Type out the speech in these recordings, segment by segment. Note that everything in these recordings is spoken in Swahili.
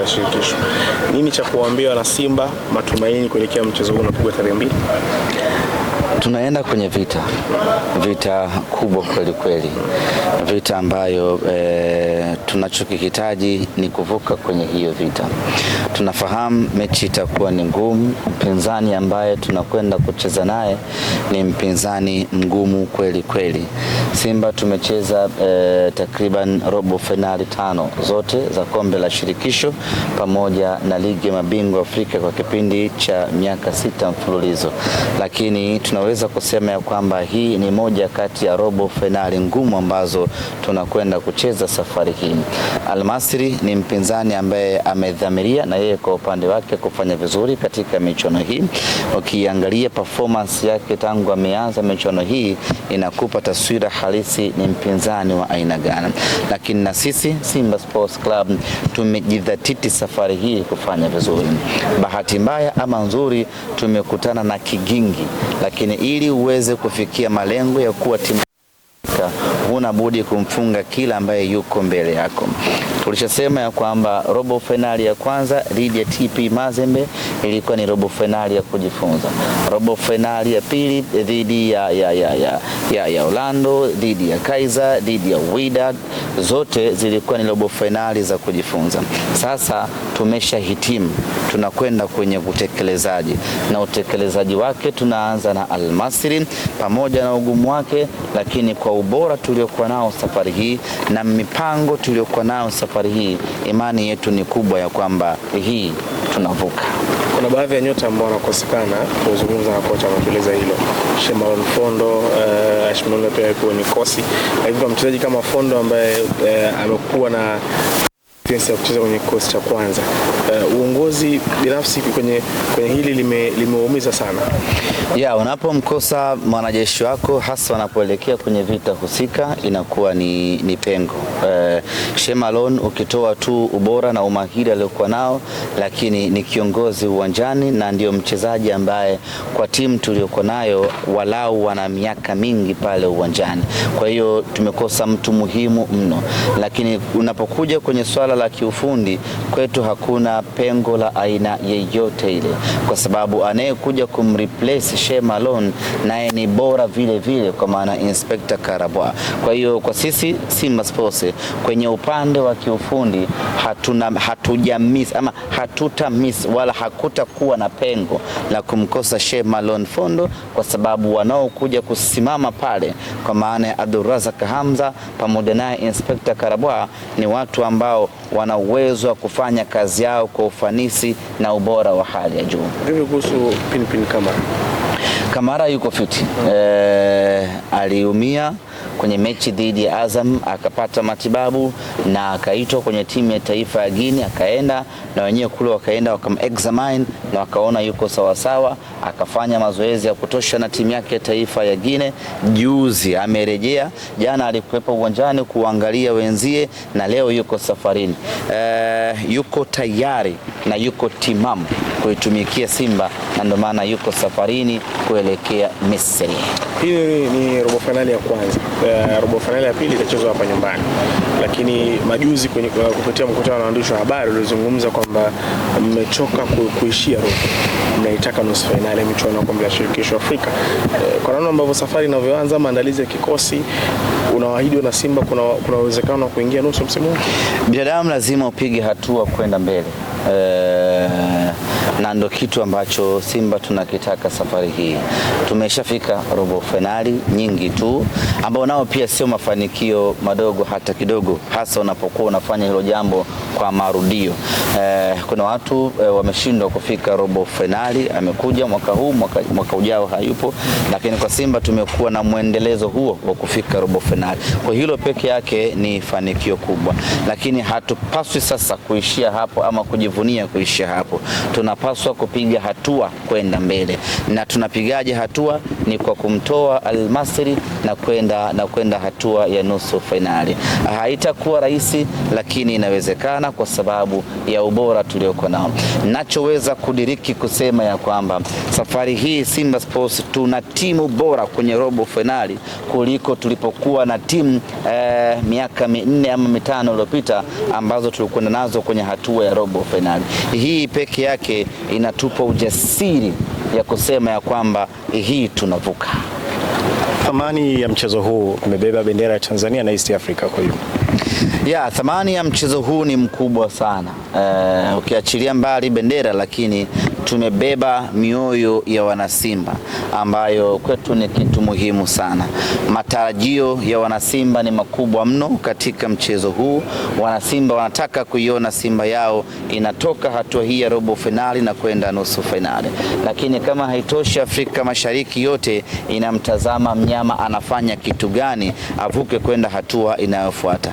kombe shirikisho. Nini cha kuwaambia wana Simba matumaini kuelekea mchezo huu unapigwa tarehe mbili? Tunaenda kwenye vita, vita kubwa kweli kweli, vita ambayo eh tunachokihitaji ni kuvuka kwenye hiyo vita. Tunafahamu mechi itakuwa ni ngumu. Mpinzani ambaye tunakwenda kucheza naye ni mpinzani mgumu kweli kweli. Simba tumecheza eh, takriban robo fainali tano zote za kombe la shirikisho pamoja na ligi ya mabingwa Afrika kwa kipindi cha miaka sita mfululizo, lakini tunaweza kusema ya kwamba hii ni moja kati ya robo fainali ngumu ambazo tunakwenda kucheza safari hii. Almasri ni mpinzani ambaye amedhamiria na yeye kwa upande wake kufanya vizuri katika michuano hii. Ukiangalia performance yake tangu ameanza michuano hii inakupa taswira halisi ni mpinzani wa aina gani, lakini na sisi Simba Sports Club tumejidhatiti safari hii kufanya vizuri. Bahati mbaya ama nzuri, tumekutana na kigingi, lakini ili uweze kufikia malengo ya kuwa timu huna budi kumfunga kila ambaye yuko mbele yako. Tulishasema ya kwamba robo fainali ya kwanza dhidi ya TP Mazembe ilikuwa ni robo fainali ya kujifunza. Robo fainali ya pili dhidi ya, ya, ya, ya, ya, ya Orlando dhidi ya Kaizer dhidi ya Wydad zote zilikuwa ni robo fainali za kujifunza. Sasa tumeshahitimu, tunakwenda kwenye utekelezaji, na utekelezaji wake tunaanza na almasri pamoja na ugumu wake, lakini kwa ubora tulio tuliokuwa nao safari hii na mipango tuliokuwa nao safari hii, imani yetu ni kubwa ya kwamba hii tunavuka. Kuna baadhi ya nyota ambao wanakosekana kuzungumza na kocha ametueleza hilo. Shemaron Fondo uh, eh, pia nikosi ni kosi. Kwa hivyo mchezaji kama Fondo ambaye uh, amekuwa na experience ya kucheza kwenye kikosi cha kwanza. Uh, uongozi binafsi kwenye, kwenye hili limewaumiza lime sana ya unapomkosa mwanajeshi wako hasa wanapoelekea kwenye vita husika inakuwa ni, ni pengo uh, eh, Shemalon ukitoa tu ubora na umahiri aliokuwa nao, lakini ni kiongozi uwanjani na ndio mchezaji ambaye kwa timu tuliyokuwa nayo walau wana miaka mingi pale uwanjani. Kwa hiyo tumekosa mtu muhimu mno, lakini unapokuja kwenye swala la kiufundi kwetu hakuna pengo la aina yeyote ile, kwa sababu anayekuja kumreplace Sheikh Malone naye ni bora vile vile, kwa maana Inspector Karabwa. Kwa hiyo kwa sisi Simba Sports kwenye upande wa kiufundi hatuna hatuja miss ama hatuta miss wala hakutakuwa na pengo la kumkosa Sheikh Malone Fondo, kwa sababu wanaokuja kusimama pale kwa maana ya Abdulrazak Hamza pamoja naye Inspector Karabwa ni watu ambao wana uwezo wa kufanya kazi yao kwa ufanisi na ubora wa hali ya juu. Vipi kuhusu Pinpin Kamara? Kamara yuko fiti. Hmm. E, aliumia kwenye mechi dhidi ya Azam akapata matibabu na akaitwa kwenye timu ya taifa ya Guinea, akaenda na wenyewe kule, wakaenda wakamexamine na wakaona yuko sawasawa, akafanya mazoezi ya kutosha na timu yake ya taifa ya Guinea. Juzi amerejea, jana alikuwepo uwanjani kuangalia wenzie, na leo yuko safarini. Uh, yuko tayari na yuko timamu kuitumikia Simba na ndio maana yuko safarini kuelekea Misri. Hii ni ni robo fainali ya kwanza. Uh, robo fainali ya pili itachezwa hapa nyumbani, lakini majuzi kwenye, uh, kupitia mkutano na waandishi wa habari uliozungumza kwamba mmechoka ku, kuishia robo, mnaitaka nusu fainali ya michuano ya kombe la shirikisho Afrika. Uh, kwa namna ambavyo safari inavyoanza, maandalizi ya kikosi, unawaahidi na Simba kuna uwezekano wa kuingia nusu msimu huu? Binadamu lazima upige hatua kwenda mbele. Uh, na ndo kitu ambacho Simba tunakitaka safari hii. Tumeshafika robo fainali nyingi tu, ambao nao pia sio mafanikio madogo hata kidogo, hasa unapokuwa unafanya hilo jambo kwa marudio. Eh, kuna watu eh, wameshindwa kufika robo fainali, amekuja mwaka huu, mwaka, mwaka ujao hayupo, lakini kwa Simba tumekuwa na mwendelezo huo wa kufika robo fainali. Kwa hilo peke yake ni fanikio kubwa, lakini hatupaswi sasa kuishia hapo ama kujivunia kuishia hapo. Tunapaswa tunapaswa kupiga hatua kwenda mbele, na tunapigaje hatua? Ni kwa kumtoa Almasri na kwenda na kwenda hatua ya nusu fainali. Haitakuwa rahisi, lakini inawezekana kwa sababu ya ubora tulioko nao. Nachoweza kudiriki kusema ya kwamba safari hii Simba Sports tuna timu bora kwenye robo fainali kuliko tulipokuwa na timu eh, miaka minne ama mitano iliyopita ambazo tulikwenda nazo kwenye hatua ya robo fainali. Hii peke yake inatupa ujasiri ya kusema ya kwamba eh, hii tunavuka. Thamani ya mchezo huu umebeba bendera ya Tanzania na East Africa kwa hiyo Yeah, thamani ya mchezo huu ni mkubwa sana uh, ukiachilia mbali bendera, lakini tumebeba mioyo ya wanasimba ambayo kwetu ni kitu muhimu sana. Matarajio ya wanasimba ni makubwa mno katika mchezo huu. Wanasimba wanataka kuiona Simba yao inatoka hatua hii ya robo finali na kwenda nusu finali, lakini kama haitoshi, Afrika Mashariki yote inamtazama mnyama anafanya kitu gani avuke kwenda hatua inayofuata.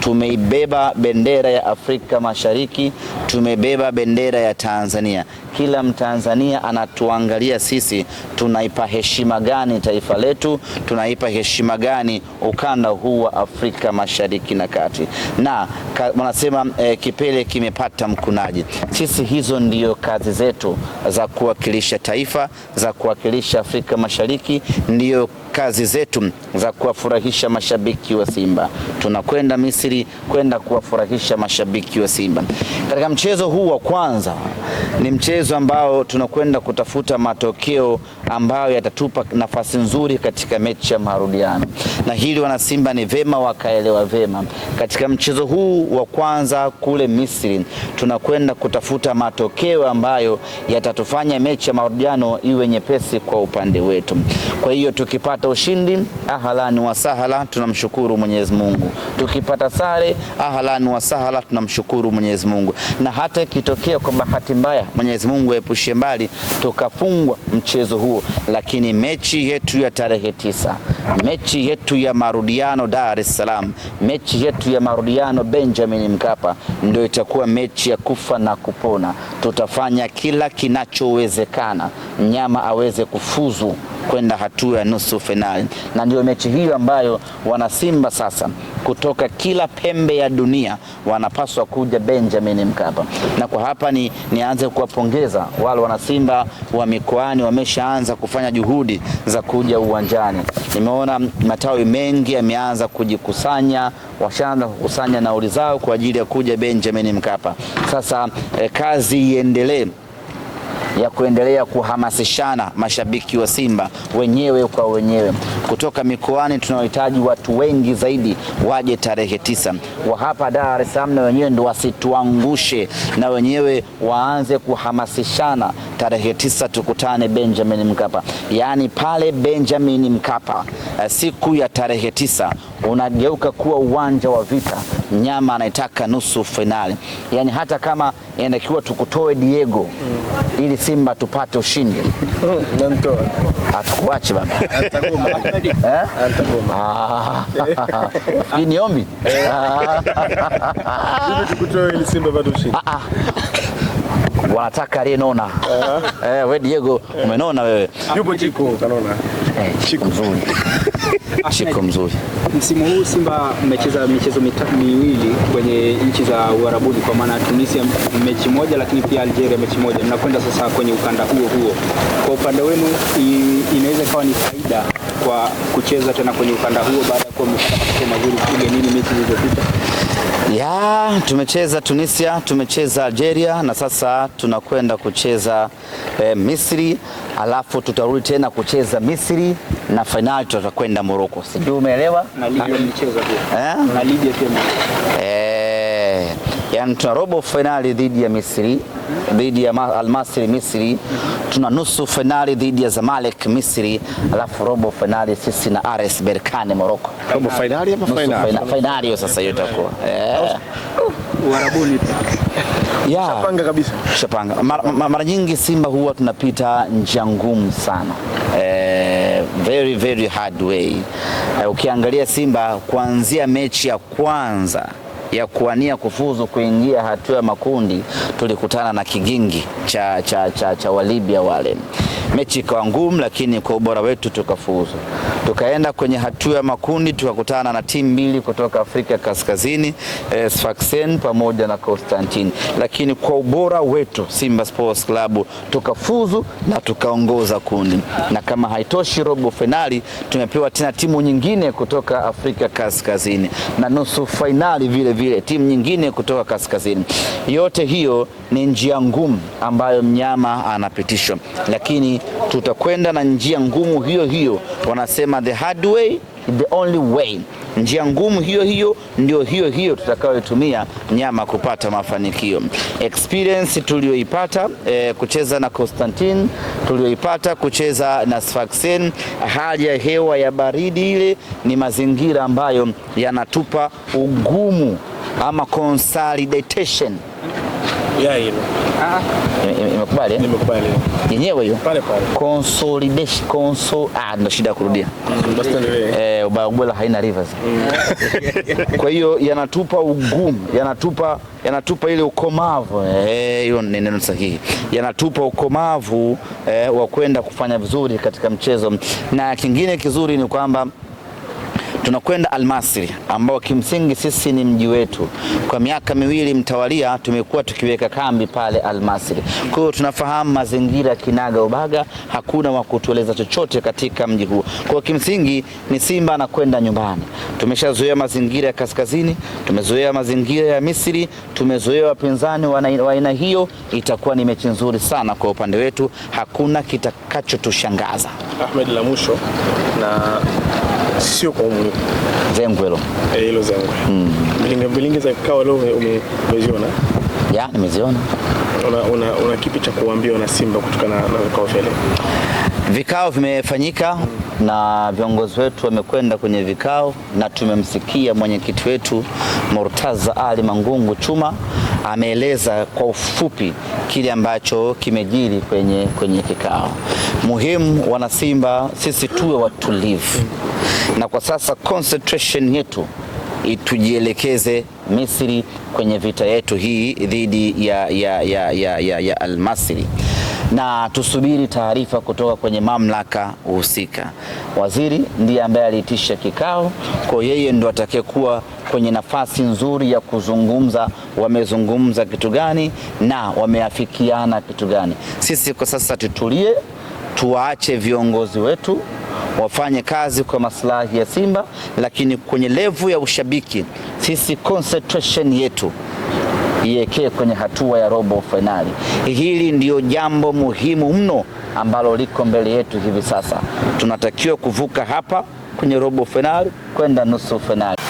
tumeibeba bendera ya Afrika Mashariki, tumebeba bendera ya Tanzania. Kila Mtanzania anatuangalia sisi, tunaipa heshima gani taifa letu, tunaipa heshima gani ukanda huu wa Afrika Mashariki na Kati, na wanasema e, kipele kimepata mkunaji. Sisi hizo ndiyo kazi zetu za kuwakilisha taifa, za kuwakilisha Afrika Mashariki, ndiyo kazi zetu za kuwafurahisha mashabiki wa Simba. Tunakwenda Misri Misri kwenda kuwafurahisha mashabiki wa Simba. Katika mchezo huu wa kwanza ni mchezo ambao tunakwenda kutafuta matokeo ambayo yatatupa nafasi nzuri katika mechi ya marudiano, na hili wanasimba ni vema wakaelewa vema. Katika mchezo huu wa kwanza kule Misri tunakwenda kutafuta matokeo ambayo yatatufanya mechi ya marudiano iwe nyepesi kwa upande wetu. Kwa hiyo tukipata ushindi ahalani sahala, tunamshukuru Mwenyezi Mungu. Tukipata sare, ahlan wa sahala, tunamshukuru Mwenyezi Mungu. Na hata ikitokea kwa bahati mbaya, Mwenyezi Mungu aepushe mbali, tukafungwa mchezo huo, lakini mechi yetu ya tarehe tisa, mechi yetu ya marudiano Dar es Salaam, mechi yetu ya marudiano Benjamin Mkapa, ndio itakuwa mechi ya kufa na kupona. Tutafanya kila kinachowezekana mnyama aweze kufuzu kwenda hatua ya nusu fainali, na ndio mechi hiyo ambayo wanasimba sasa kutoka kila pembe ya dunia wanapaswa kuja Benjamin Mkapa. Na kwa hapa ni nianze kuwapongeza wale wanasimba wa mikoani, wameshaanza kufanya juhudi za kuja uwanjani. Nimeona matawi mengi yameanza kujikusanya, washaanza kukusanya nauli zao kwa ajili ya kuja Benjamin Mkapa. Sasa eh, kazi iendelee ya kuendelea kuhamasishana mashabiki wa Simba wenyewe kwa wenyewe kutoka mikoani. Tunawahitaji watu wengi zaidi waje tarehe tisa wa hapa Dar es Salaam, na wenyewe ndo wasituangushe, na wenyewe waanze kuhamasishana. Tarehe tisa tukutane Benjamin Mkapa, yaani pale Benjamin Mkapa eh, siku ya tarehe tisa unageuka kuwa uwanja wa vita. Mnyama anaitaka nusu fainali, yaani hata kama inatakiwa tukutoe Diego ili Simba tupate ushindi. Atakuache baba. Eh? Ah. Hii ni ombi. Ah, ah. Wanataka aliyenona. Eh. eh, we Diego umenona wewe. Yupo chiko kanona eh, shiko mzuri Msimu huu Simba mmecheza michezo miwili kwenye nchi za Uarabuni, kwa maana Tunisia mechi moja, lakini pia Algeria mechi moja. Mnakwenda sasa kwenye ukanda huo huo, kwa upande wenu inaweza ikawa ni faida kwa kucheza tena kwenye ukanda huo baada ya kuwa mmepata matokeo mazuri ugenini mechi zilizopita? Ya, tumecheza Tunisia, tumecheza Algeria na sasa tunakwenda kucheza eh, Misri, alafu tutarudi tena kucheza Misri na fainali tutakwenda Morocco. Sijui umeelewa? Na Libya mlicheza pia. Eh? Na Libya pia. Eh, yani tuna robo fainali dhidi ya Misri, dhidi ya Almasri Misri, tuna nusu fainali dhidi ya Zamalek Misri, alafu robo fainali sisi na RS Berkane Morocco. Robo fainali ama fainali? Fainali hiyo sasa hiyo itakuwa eh. Uarabuni Shapanga kabisa. Shapanga. Mara, mara nyingi Simba huwa tunapita njia ngumu sana eh, very very hard way eh, ukiangalia Simba kuanzia mechi ya kwanza ya kuwania kufuzu kuingia hatua ya makundi tulikutana na kigingi cha, cha, cha, cha Walibya wale mechi ikawa ngumu, lakini kwa ubora wetu tukafuzu. Tukaenda kwenye hatua ya makundi tukakutana na timu mbili kutoka Afrika Kaskazini, eh, Sfaxien pamoja na Constantine, lakini kwa ubora wetu Simba Sports Club tukafuzu na tukaongoza kundi, na kama haitoshi, robo fainali tumepewa tena timu nyingine kutoka Afrika Kaskazini na nusu fainali vile vile timu nyingine kutoka Kaskazini. Yote hiyo ni njia ngumu ambayo mnyama anapitishwa, lakini tutakwenda na njia ngumu hiyo hiyo, wanasema the hard way the only way, njia ngumu hiyo hiyo ndio hiyo hiyo tutakayotumia nyama kupata mafanikio. Experience tuliyoipata e, eh, kucheza na Konstantin, tuliyoipata kucheza na Sfaxien, hali ya hewa ya baridi ile ni mazingira ambayo yanatupa ugumu ama consolidation ya hilo. Ah, ah. imekubali eh? Yenyewe hiyo. Pale pale. Consolidation, consol ah, ndo shida kurudia. Mm, eh, Ubangwela haina rivers. Mm. Kwa hiyo yanatupa ugumu, yanatupa yanatupa ile ukomavu. Eh, hiyo ni neno sahihi. Yanatupa ukomavu eh, wa kwenda kufanya vizuri katika mchezo. Na kingine kizuri ni kwamba Tunakwenda Almasri ambao kimsingi sisi ni mji wetu. Kwa miaka miwili mtawalia tumekuwa tukiweka kambi pale Almasri, kwa hiyo tunafahamu mazingira kinaga ubaga. Hakuna wa kutueleza chochote katika mji huo, kwa kimsingi ni Simba anakwenda nyumbani. Tumeshazoea mazingira ya kaskazini, tumezoea mazingira ya Misri, tumezoea wapinzani wa aina hiyo. Itakuwa ni mechi nzuri sana kwa upande wetu, hakuna kitakachotushangaza. Ahmed, la mwisho na sio kwa umri. Zengwe hilo. Eh, hilo zengwe. Mm. Bilinga za kikao leo umeziona? Ya, nimeziona. Una, una, una kipi cha kuambia na Simba kutokana na vikao vile? Vikao vimefanyika mm na viongozi wetu wamekwenda kwenye vikao na tumemsikia mwenyekiti wetu Murtaza Ali Mangungu Chuma ameeleza kwa ufupi kile ambacho kimejiri kwenye, kwenye kikao. Muhimu wanasimba, sisi tuwe watulivu, na kwa sasa concentration yetu tujielekeze Misri kwenye vita yetu hii dhidi ya, ya, ya, ya, ya, ya Al-Masri na tusubiri taarifa kutoka kwenye mamlaka husika. Waziri ndiye ambaye aliitisha kikao, kwa yeye ndo atakayekuwa kwenye nafasi nzuri ya kuzungumza wamezungumza kitu gani na wameafikiana kitu gani. Sisi kwa sasa tutulie, tuwaache viongozi wetu wafanye kazi kwa maslahi ya Simba, lakini kwenye levu ya ushabiki, sisi concentration yetu iekee kwenye hatua ya robo fainali. Hili ndiyo jambo muhimu mno ambalo liko mbele yetu hivi sasa. Tunatakiwa kuvuka hapa kwenye robo fainali kwenda nusu fainali.